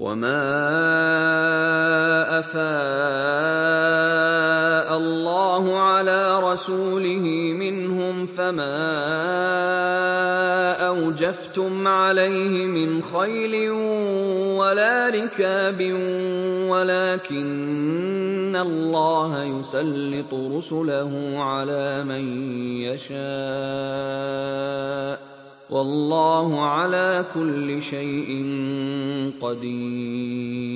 وما افاء الله على رسوله منهم فما اوجفتم عليه من خيل ولا ركاب ولكن الله يسلط رسله على من يشاء والله على كل شيء قدير